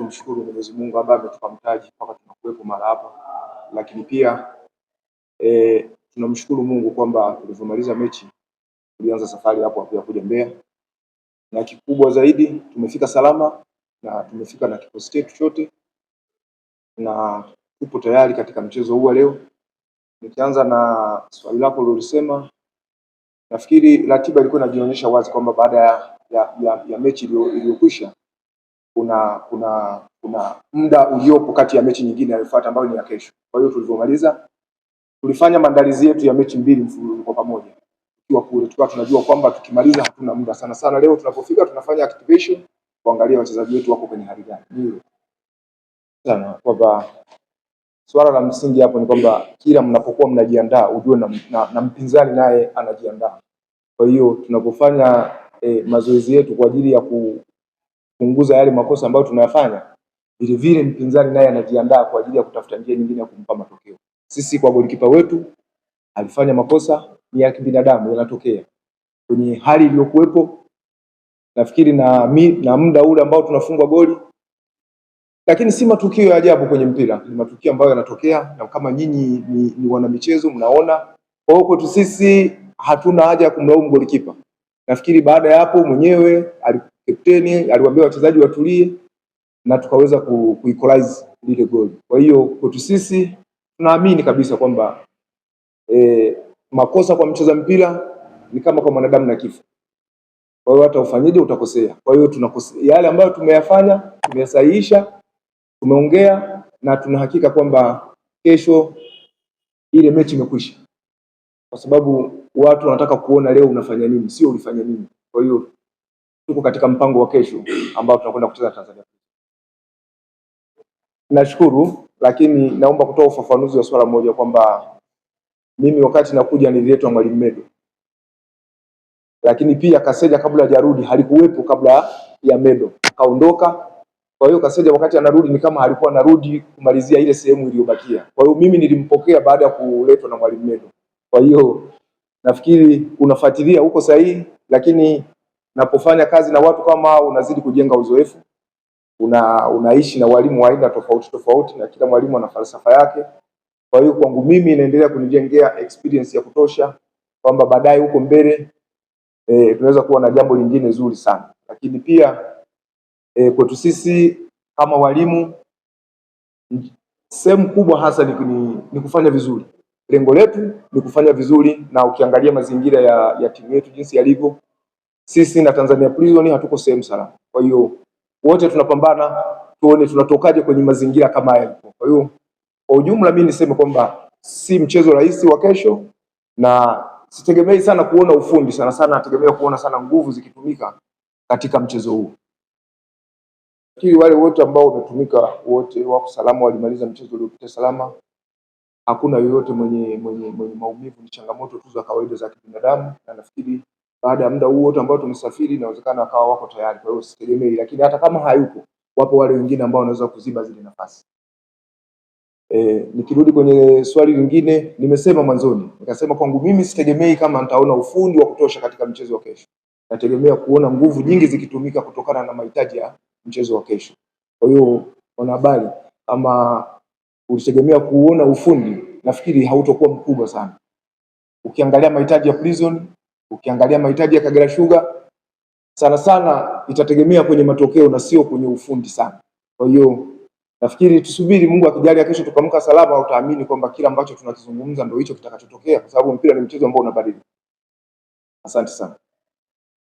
tumshukuru Mwenyezi Mungu ambaye ametupa mtaji mpaka tunakuwepo mara hapa, lakini pia e, tunamshukuru Mungu kwamba tulivyomaliza mechi tulianza safari hapo hapo ya kuja Mbeya, na kikubwa zaidi tumefika salama na tumefika na kikosi chetu chote na tupo tayari katika mchezo huu leo. Nikianza na swali lako ulilisema, nafikiri ratiba ilikuwa inajionyesha wazi kwamba baada ya, ya, ya, ya mechi iliyokwisha kuna kuna kuna muda uliopo kati ya mechi nyingine inayofuata ambayo ni ya kesho. Kwa hiyo tulivyomaliza, tulifanya maandalizi yetu ya mechi mbili mfululizo kwa pamoja tukiwa kule, tukawa tunajua kwamba tukimaliza hatuna muda sana sana. Leo tunapofika tunafanya activation kuangalia wachezaji wetu wako kwenye hali gani. Ndio Sana kwamba swala la msingi hapo ni kwamba kila mnapokuwa mnajiandaa ujue na, na, na mpinzani naye anajiandaa. Kwa hiyo tunapofanya eh, mazoezi yetu kwa ajili ya ku, kupunguza yale makosa ambayo tunayafanya, vile vile mpinzani naye anajiandaa kwa ajili ya kutafuta njia nyingine ya kumpa matokeo. Sisi kwa golikipa wetu alifanya makosa, ni ya kibinadamu, yanatokea kwenye hali iliyokuwepo. Nafikiri na, na muda ule ambao tunafungwa goli, lakini si matukio ya ajabu kwenye mpira, ni matukio ambayo yanatokea, na kama nyinyi ni, ni wanamichezo mnaona. Kwa hiyo kwetu sisi hatuna haja ya kumlaumu golikipa. Nafikiri baada ya hapo mwenyewe Kapteni aliwaambia wachezaji watulie na tukaweza ku, ku lile goli. Kwa hiyo kwetu sisi tunaamini kabisa kwamba e, makosa kwa mcheza mpira ni kama kwa mwanadamu na kifo. Kwa hiyo hata ufanyeje utakosea. Kwa hiyo tunakosea yale ambayo tumeyafanya, tumeyasahihisha, tumeongea na tunahakika kwamba kesho ile mechi imekwisha, kwa sababu watu wanataka kuona leo unafanya nini, sio ulifanya nini. Kwa hiyo tuko katika mpango wa kesho ambao tunakwenda kucheza Tanzania. Nashukuru, lakini naomba kutoa ufafanuzi wa swala moja kwamba mimi wakati nakuja nililetwa Mwalimu Medo, lakini pia Kaseja kabla hajarudi halikuwepo kabla ya Medo, akaondoka. Kwa hiyo Kaseja wakati anarudi ni kama alikuwa anarudi kumalizia ile sehemu iliyobakia. Kwa hiyo mimi nilimpokea baada ya kuletwa na Mwalimu Medo. Kwa hiyo nafikiri unafuatilia huko sahihi, lakini Unapofanya kazi na watu kama hao, unazidi kujenga uzoefu, una unaishi na walimu wa aina tofauti tofauti, na kila mwalimu ana falsafa yake. Kwa hiyo kwangu mimi inaendelea kunijengea experience ya kutosha kwamba baadaye huko mbele e, tunaweza kuwa na jambo lingine zuri sana, lakini pia e, kwetu sisi kama walimu sehemu kubwa hasa ni, ni, ni kufanya vizuri. Lengo letu ni kufanya vizuri, na ukiangalia mazingira ya, ya timu yetu jinsi yalivyo sisi na Tanzania Prison hatuko sehemu salama. Kwa hiyo wote tunapambana tuone tunatokaje kwenye mazingira kama haya. Kwa hiyo kwa ujumla, mimi niseme kwamba si mchezo rahisi wa kesho, na sitegemei sana kuona ufundi, sana sana nategemea kuona sana nguvu zikitumika katika mchezo huu. Kili wale wote ambao wametumika wote wako salama, walimaliza mchezo uliopita salama. Hakuna yoyote mwenye, mwenye, mwenye maumivu. Ni changamoto tu za kawaida za kibinadamu, na nafikiri baada ya muda huu wote ambao tumesafiri, inawezekana akawa wako tayari. Kwa hiyo usitegemei, lakini hata kama hayupo, wapo wale wengine ambao wanaweza kuziba zile nafasi. E, nikirudi kwenye swali lingine, nimesema mwanzoni nikasema kwangu mimi sitegemei kama nitaona ufundi wa kutosha katika mchezo wa kesho. Nategemea kuona nguvu nyingi zikitumika kutokana na mahitaji ya mchezo wa kesho. Kwa hiyo wanahabari, kama ulitegemea kuona ufundi, nafikiri hautokuwa mkubwa sana. Ukiangalia mahitaji ya Prison Ukiangalia mahitaji ya Kagera Sugar sana sana itategemea kwenye matokeo na sio kwenye ufundi sana. Kwa hiyo nafikiri tusubiri, Mungu akijalia, kesho tukamka salama, utaamini kwamba kila ambacho tunakizungumza ndio hicho kitakachotokea, kwa sababu mpira ni mchezo ambao unabadilika. Asante sana.